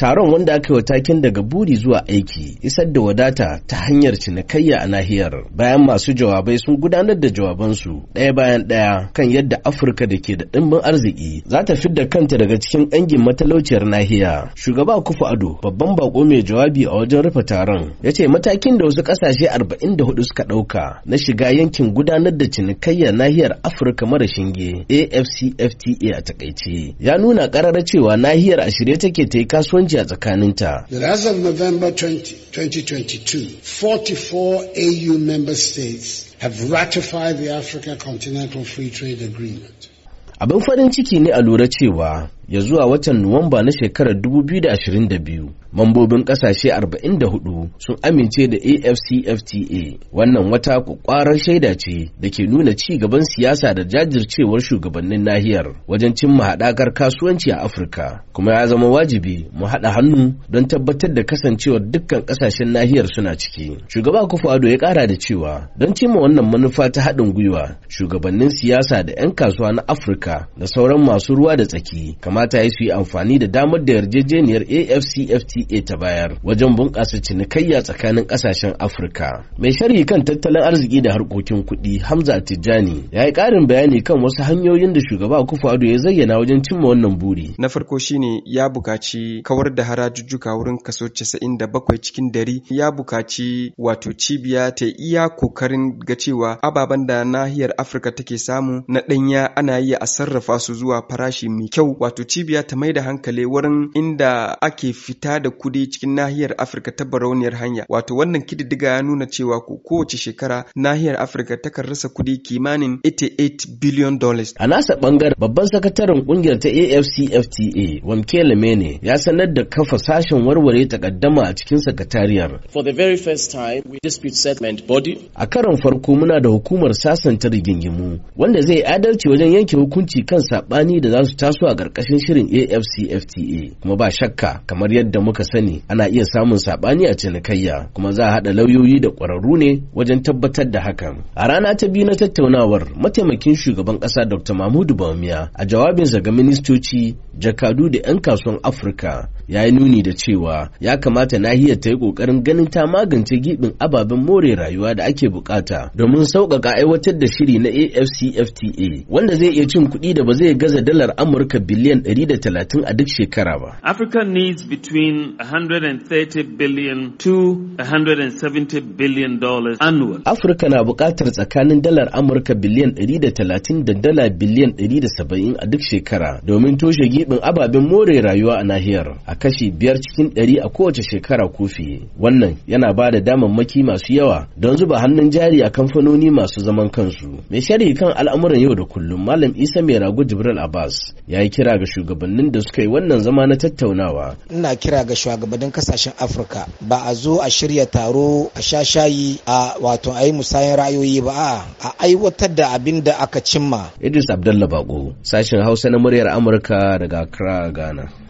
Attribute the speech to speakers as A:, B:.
A: taron wanda aka yi wa takin daga buri zuwa aiki isar da wadata ta hanyar cinikayya a nahiyar bayan masu jawabai sun gudanar da jawabansu ɗaya bayan ɗaya kan yadda afirka da ke da ɗimbin arziki za ta fidda kanta daga cikin ƙangin matalauciyar nahiya shugaba kufu ado babban bako mai jawabi a wajen rufe taron ya ce matakin da wasu ƙasashe arba'in da hudu suka ɗauka na shiga yankin gudanar da cinikayya nahiyar afirka mara shinge afcfta a takaice ya nuna ƙarara cewa nahiyar a shirye take ta yi kasuwanci bambanci a tsakaninta. As of November 20, 2022, 44 AU member states have ratified the Africa Continental Free Trade Agreement. Abin farin ciki ne a lura cewa ya zuwa watan Nuwamba na shekarar 2022 mambobin ƙasashe 44 sun amince da AFCFTA wannan wata kwakwarar shaida ce da ke nuna ci gaban siyasa da jajircewar shugabannin nahiyar wajen cimma haɗakar kasuwanci a Afirka kuma ya zama wajibi mu haɗa hannu don tabbatar da kasancewar dukkan ƙasashen nahiyar suna ciki shugaba Akufo ya ƙara da cewa don cimma wannan manufa ta haɗin gwiwa shugabannin siyasa da 'yan kasuwa na Afirka da sauran masu ruwa da tsaki kamar kamata ya su yi amfani da damar da yarjejeniyar afcfta ta bayar wajen bunƙasa cinikayya tsakanin ƙasashen afirka mai sharhi kan tattalin arziki da harkokin kuɗi hamza tijjani ya yi ƙarin bayani kan wasu hanyoyin da shugaba ado ya zayyana wajen cimma wannan buri
B: na farko shine ya buƙaci kawar da harajujjuka wurin kaso casa'in da bakwai cikin dari ya buƙaci wato cibiya ta iya kokarin ga cewa ababen da nahiyar afirka take samu na ɗanya ana iya a sarrafa su zuwa farashi mai kyau wato cibiya ta mai da hankali wurin inda ake fita da kudi cikin nahiyar Afirka ta barauniyar hanya. Wato wannan kididdiga ya nuna cewa ko kowace shekara nahiyar Afirka takan rasa kudi kimanin 88 billion dollars. A nasa bangaren babban sakataren kungiyar ta AFCFTA Wamkele Mene ya sanar da kafa
A: sashen warware takaddama a cikin sakatariyar. For the very first time we dispute settlement body. A karon farko muna da hukumar sasanta rigingimu wanda zai adalci wajen yanke hukunci kan saɓani da za su taso a ƙarƙashin cikin shirin AFCFTA kuma ba shakka kamar yadda muka sani ana iya samun sabani a cinikayya kuma za a haɗa lauyoyi da kwararru ne wajen tabbatar da hakan. A rana ta biyu na tattaunawar mataimakin shugaban ƙasa Dr. Mahmudu Bawumia a jawabinsa ga ministoci, jakadu da 'yan kasuwan Afirka ya yi nuni da cewa ya kamata nahiyar ta yi ƙoƙarin ganin ta magance gibin ababen more rayuwa da ake bukata domin sauƙaƙa aiwatar da shiri na AFCFTA wanda zai iya cin kuɗi da ba zai gaza dalar Amurka biliyan 130 a duk shekara ba.
B: Africa needs between 130 billion to 170 billion dollars annual.
A: Afirka na buƙatar tsakanin dalar Amurka biliyan 130 da dala biliyan 170 a duk shekara domin toshe gibin ababen more rayuwa a nahiyar. kashi biyar cikin ɗari a kowace shekara ko fiye wannan yana ba da damammaki masu yawa don zuba hannun jari a kamfanoni masu zaman kansu mai sharhi kan al'amuran yau da kullum malam isa mai rago jibril abbas ya yi kira ga shugabannin da suka yi wannan zama na tattaunawa ina kira ga shugabannin kasashen afirka ba a zo a shirya taro a sha shayi a wato a yi musayan ra'ayoyi ba a a aiwatar da abin da aka cimma idris abdallah bako sashen hausa na muryar amurka daga accra ghana